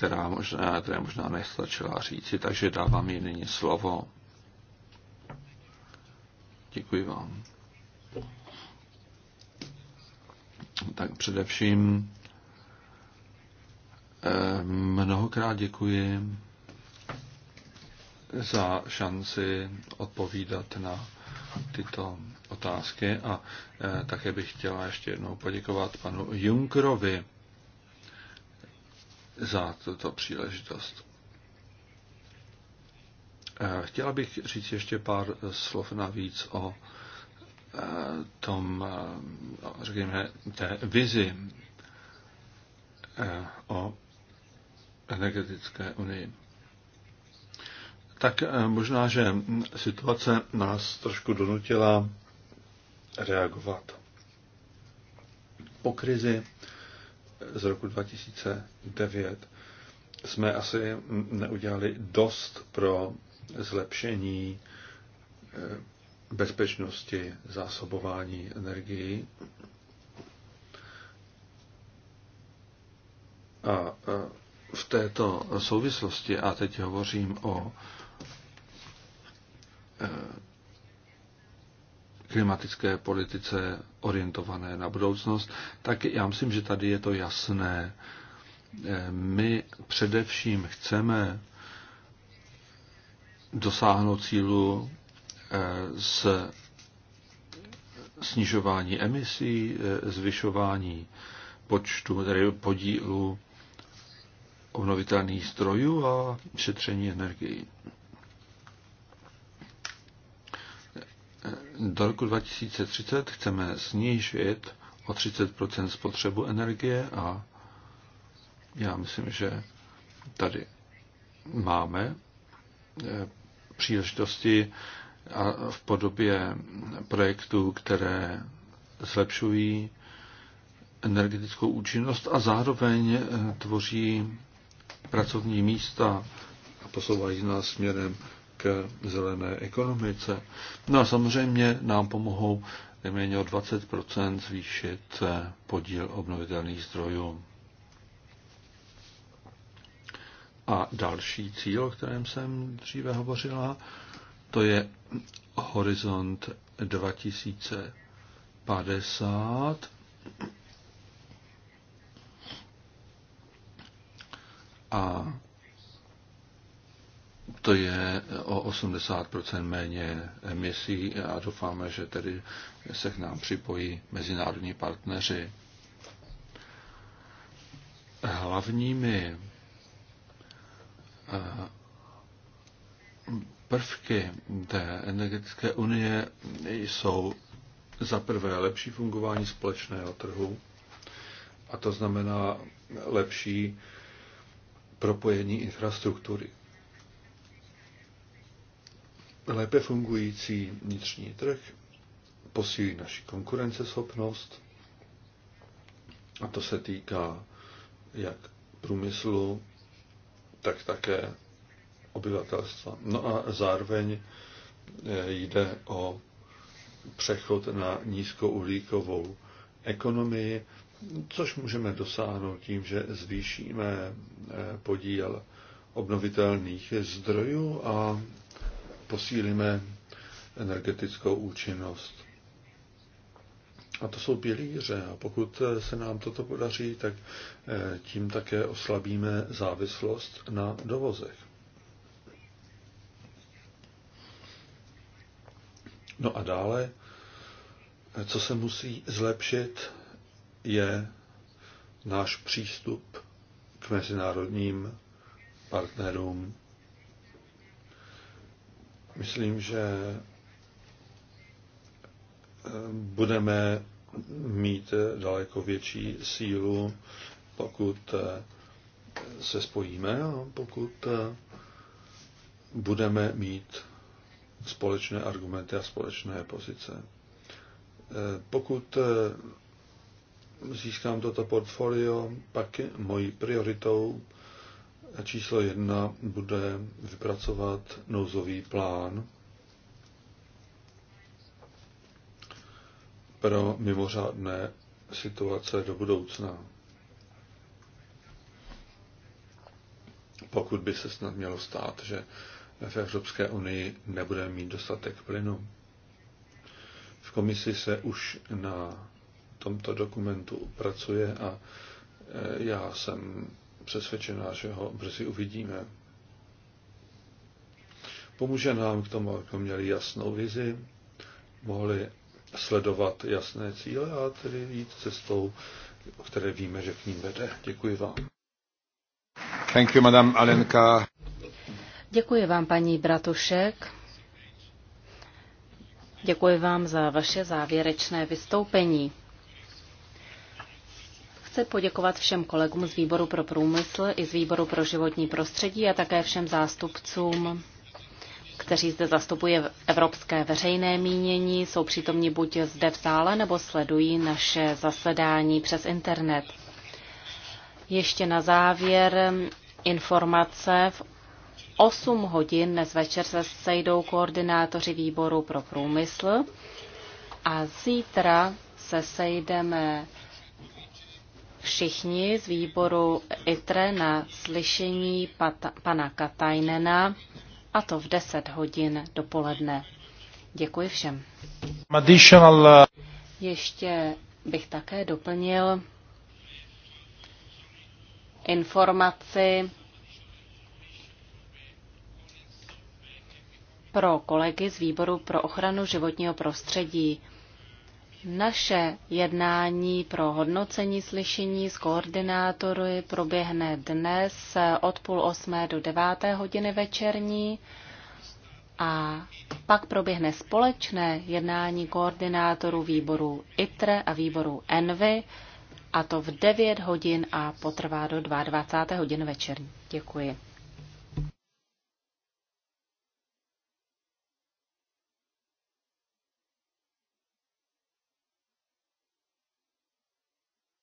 která možná, které možná nestačila říci, takže dávám jí nyní slovo. Děkuji vám. Tak především eh, mnohokrát děkuji za šanci odpovídat na tyto otázky a eh, také bych chtěla ještě jednou poděkovat panu Junkrovi za tuto příležitost. Eh, chtěla bych říct ještě pár slov navíc o eh, tom, eh, řekněme, té vizi o energetické unii. Tak možná, že situace nás trošku donutila reagovat. Po krizi z roku 2009 jsme asi neudělali dost pro zlepšení eh, bezpečnosti zásobování energií. A v této souvislosti, a teď hovořím o eh, klimatické politice orientované na budoucnost, tak já myslím, že tady je to jasné. Eh, my především chceme dosáhnout cílu z eh, snižování emisí, eh, zvyšování počtu, tedy podílu obnovitelných zdrojů a šetření energií. Do roku 2030 chceme snížit o 30 spotřebu energie a já myslím, že tady máme eh, příležitosti a v podobě projektů, které zlepšují energetickou účinnost a zároveň eh, tvoří pracovní místa a posouvají nás směrem k zelené ekonomice. No a samozřejmě nám pomohou nejméně o 20 zvýšit podíl obnovitelných zdrojů. A další cíl, o kterém jsem dříve hovořila, to je horizont 2050. A to je o 80% méně emisí a doufáme, že tedy se k nám připojí mezinárodní partneři. Hlavními eh, prvky té energetické unie jsou za prvé lepší fungování společného trhu, a to znamená lepší propojení infrastruktury lépe fungující vnitřní trh posílí naši konkurenceschopnost a to se týká jak průmyslu, tak také obyvatelstva. No a zároveň eh, jde o přechod na nízkouhlíkovou ekonomii, což můžeme dosáhnout tím, že zvýšíme eh, podíl obnovitelných zdrojů a posílíme energetickou účinnost. A to jsou pilíře. A pokud se nám toto podaří, tak eh, tím také oslabíme závislost na dovozech. No a dále, eh, co se musí zlepšit, je náš přístup k mezinárodním partnerům Myslím, že eh, budeme mít daleko větší sílu, pokud eh, se spojíme a pokud eh, budeme mít společné argumenty a společné pozice. Pokud získám toto portfolio, pak mojí prioritou číslo jedna bude vypracovat nouzový plán pro mimořádné situace do budoucna. Pokud by se snad mělo stát, že v Evropské unii nebude mít dostatek plynu. V komisi se už na tomto dokumentu pracuje a e, já jsem přesvědčená, že ho brzy uvidíme. Pomůže nám k tomu, abychom měli jasnou vizi, mohli sledovat jasné cíle a tedy jít cestou, o které víme, že k ním vede. Děkuji vám. Thank you, madam Alenka. Děkuji vám, paní Bratušek. Děkuji vám za vaše závěrečné vystoupení. Chci poděkovat všem kolegům z Výboru pro průmysl i z Výboru pro životní prostředí a také všem zástupcům kteří zde zastupuje evropské veřejné mínění, jsou přítomni buď zde v sále nebo sledují naše zasedání přes internet. Ještě na závěr informace. V 8 hodin dnes večer se sejdou koordinátoři výboru pro průmysl a zítra se sejdeme všichni z výboru ITRE na slyšení pata, pana Katajnena, a to v 10 hodin dopoledne. Děkuji všem. Uh, Ještě bych také doplnil informaci pro kolegy z výboru pro ochranu životního prostředí. Naše jednání pro hodnocení slyšení s koordinátory proběhne dnes od půl osmé do deváté hodiny večerní a pak proběhne společné jednání koordinátorů výboru ITRE a výboru ENVY a to v 9 hodin a potrvá do 22. hodin večerní. Děkuji.